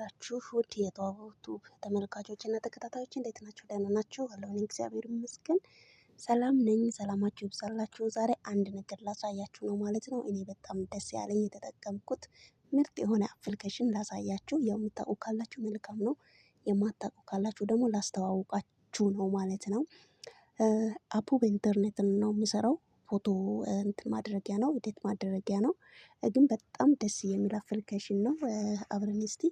ላችሁ ውድ ቱብ ተመልካቾች እና ተከታታዮች እንዴት ናችሁ? ደህና ናችሁ? አለሁኝ እግዚአብሔር ይመስገን ሰላም ነኝ። ሰላማችሁ ይብዛላችሁ። ዛሬ አንድ ነገር ላሳያችሁ ነው ማለት ነው። እኔ በጣም ደስ ያለኝ የተጠቀምኩት ምርጥ የሆነ አፕሊኬሽን ላሳያችሁ። የምታውቁ ካላችሁ መልካም ነው፣ የማታውቁ ካላችሁ ደግሞ ላስተዋውቃችሁ ነው ማለት ነው። አፑ በኢንተርኔት ነው የሚሰራው ፎቶ እንትን ማድረጊያ ነው፣ ኤዲት ማድረጊያ ነው። ግን በጣም ደስ የሚል አፕሊኬሽን ነው። አብረን እስቲ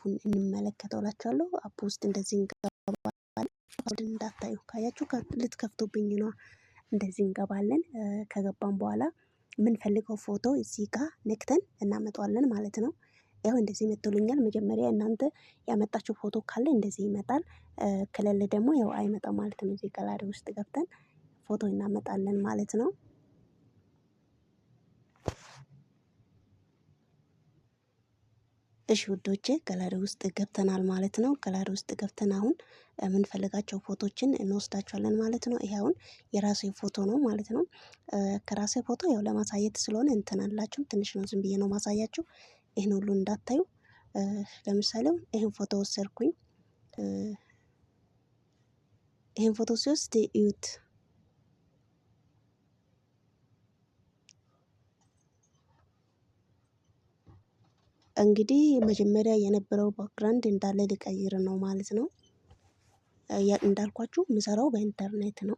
አፑን እንመለከተው እላችኋለሁ። አፑ ውስጥ እንደዚህ እንገባለን። ፓስወርድን እንዳታዩ ካያችሁ ልትከፍቱብኝ ነው። እንደዚህ እንገባለን። ከገባን በኋላ የምንፈልገው ፎቶ እዚህ ጋር ነክተን እናመጣዋለን ማለት ነው። ያው እንደዚህ መጥቶልኛል። መጀመሪያ እናንተ ያመጣችው ፎቶ ካለ እንደዚህ ይመጣል። ከሌለ ደግሞ ያው አይመጣም ማለት ነው። እዚህ ጋላሪ ውስጥ ገብተን ፎቶ እናመጣለን ማለት ነው። እሺ ውዶቼ ጋላሪ ውስጥ ገብተናል ማለት ነው። ጋላሪ ውስጥ ገብተን አሁን የምንፈልጋቸው ፎቶችን እንወስዳቸዋለን ማለት ነው። ይሄ አሁን የራሴ ፎቶ ነው ማለት ነው። ከራሴ ፎቶ ያው ለማሳየት ስለሆነ እንትን ትንሽ ነው ዝም ብዬ ነው ማሳያችሁ። ይሄን ሁሉ እንዳታዩ። ለምሳሌ ይሄን ፎቶ ወሰድኩኝ። ይሄን ፎቶ ሲወስድ እዩት እንግዲህ መጀመሪያ የነበረው ባክግራውንድ እንዳለ ሊቀይር ነው ማለት ነው። እንዳልኳችሁ ምሰራው በኢንተርኔት ነው።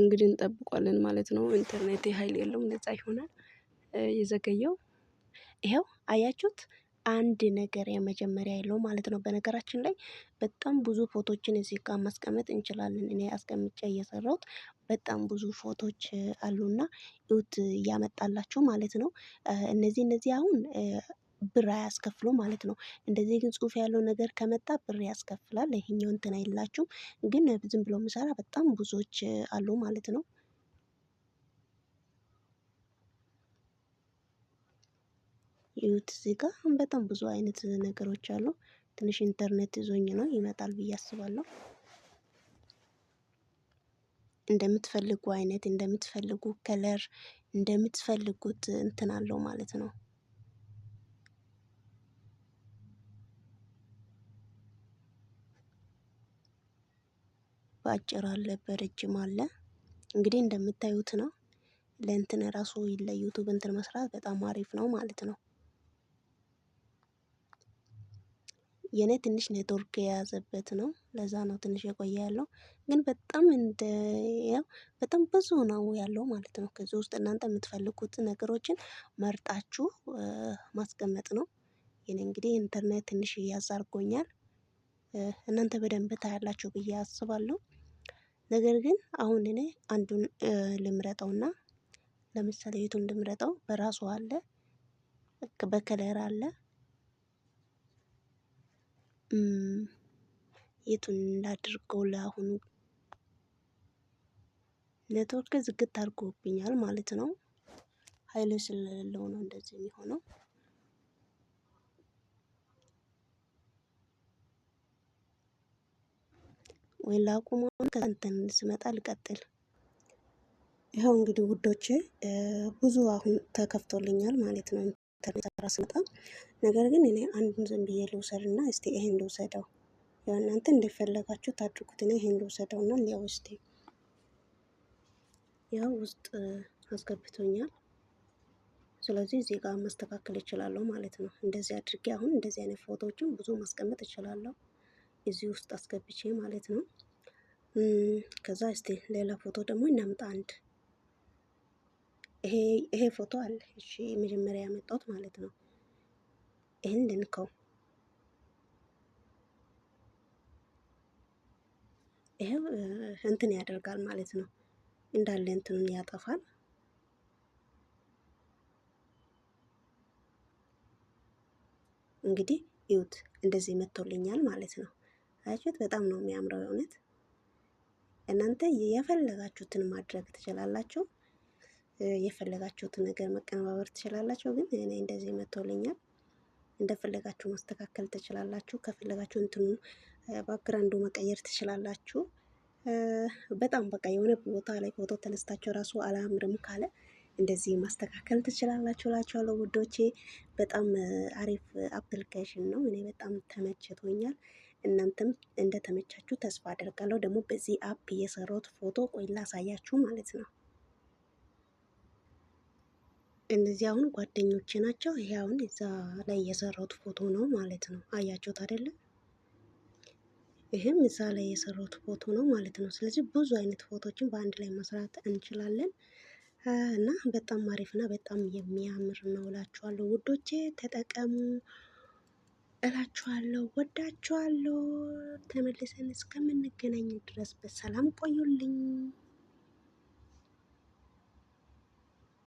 እንግዲህ እንጠብቋለን ማለት ነው። ኢንተርኔት ኃይል የለውም ነጻ ይሆናል። የዘገየው ይኸው አያችሁት። አንድ ነገር የመጀመሪያ የለው ማለት ነው። በነገራችን ላይ በጣም ብዙ ፎቶችን እዚህ ጋር ማስቀመጥ እንችላለን። እኔ አስቀምጬ እየሰራሁት በጣም ብዙ ፎቶዎች አሉና እዩት እያመጣላችሁ ማለት ነው። እነዚህ እነዚህ አሁን ብር አያስከፍሉ ማለት ነው። እንደዚህ ግን ጽሁፍ ያለው ነገር ከመጣ ብር ያስከፍላል። ይሄኛው እንትን አይላችሁም፣ ግን ዝም ብሎ ምሰራ በጣም ብዙዎች አሉ ማለት ነው። እዩት እዚህ ጋር በጣም ብዙ አይነት ነገሮች አሉ። ትንሽ ኢንተርኔት ይዞኝ ነው ይመጣል ብዬ አስባለሁ። እንደምትፈልጉ አይነት እንደምትፈልጉ ከለር እንደምትፈልጉት እንትን አለው ማለት ነው። በአጭር አለ በረጅም አለ። እንግዲህ እንደምታዩት ነው። ለእንትን ራሱ ለዩቱብ እንትን መስራት በጣም አሪፍ ነው ማለት ነው። የኔ ትንሽ ኔትወርክ የያዘበት ነው። ለዛ ነው ትንሽ የቆየ ያለው። ግን በጣም እንደ ያው በጣም ብዙ ነው ያለው ማለት ነው። ከዚህ ውስጥ እናንተ የምትፈልጉት ነገሮችን መርጣችሁ ማስቀመጥ ነው። የኔ እንግዲህ ኢንተርኔት ትንሽ እያዝ እናንተ በደንብ ታያላችሁ ብዬ አስባለሁ። ነገር ግን አሁን እኔ አንዱን ልምረጠውና ለምሳሌ የቱን ልምረጠው በራሱ አለ። በከለር አለ የቱን እንዳድርገው ለአሁኑ ኔትወርክ ዝግት አድርጎብኛል ማለት ነው። ኃይል ስለሌለው ነው እንደዚህ የሚሆነው። ወይ ላቁም። ከእንትን ስመጣ ልቀጥል። ይኸው እንግዲህ ውዶቼ ብዙ አሁን ተከፍቶልኛል ማለት ነው። ኢንተርኔት ስመጣ ነገር ግን እኔ አንዱን ዝም ብዬ ልውሰድ እና እስቲ ይሄን ልውሰደው፣ ያው እናንተ እንደፈለጋችሁ ታድርጉት። እኔ ይሄን ልውሰደው እና ሊያው እስቲ ያው ውስጥ አስገብቶኛል። ስለዚህ እዚህ ጋር ማስተካከል እችላለሁ ማለት ነው። እንደዚህ አድርጌ አሁን እንደዚህ አይነት ፎቶዎችን ብዙ ማስቀመጥ እችላለሁ እዚህ ውስጥ አስገብቼ ማለት ነው። ከዛ እስቲ ሌላ ፎቶ ደግሞ እናምጣ አንድ ይሄ ፎቶ አለ። እሺ መጀመሪያ ያመጣሁት ማለት ነው። ይህን ልንከው ይሄው እንትን ያደርጋል ማለት ነው። እንዳለ እንትኑን ያጠፋል። እንግዲህ ይዩት፣ እንደዚህ መጥቶልኛል ማለት ነው። አያችሁት? በጣም ነው የሚያምረው የእውነት። እናንተ የፈለጋችሁትን ማድረግ ትችላላችሁ። የፈለጋችሁትን ነገር መቀነባበር ትችላላችሁ። ግን እኔ እንደዚህ መጥቶልኛል። እንደፈለጋችሁ ማስተካከል ትችላላችሁ። ከፈለጋችሁ እንትኑ ባክግራውንዱ መቀየር ትችላላችሁ። በጣም በቃ የሆነ ቦታ ላይ ፎቶ ተነስታችሁ ራሱ አላምርም ካለ እንደዚህ ማስተካከል ትችላላችሁ እላችኋለሁ ውዶቼ። በጣም አሪፍ አፕሊኬሽን ነው። እኔ በጣም ተመችቶኛል። እናንተም እንደተመቻችሁ ተስፋ አደርጋለሁ። ደግሞ በዚህ አፕ የሰራሁት ፎቶ ቆይ ላሳያችሁ ማለት ነው። እነዚህ አሁን ጓደኞቼ ናቸው። ይሄ አሁን እዛ ላይ የሰራሁት ፎቶ ነው ማለት ነው። አያችሁት አይደለም? ይህም እዛ ላይ የሰራሁት ፎቶ ነው ማለት ነው። ስለዚህ ብዙ አይነት ፎቶችን በአንድ ላይ መስራት እንችላለን እና በጣም አሪፍ እና በጣም የሚያምር ነው እላችኋለሁ ውዶቼ፣ ተጠቀሙ እላችኋለሁ። ወዳችኋለሁ። ተመልሰን እስከምንገናኝ ድረስ በሰላም ቆዩልኝ።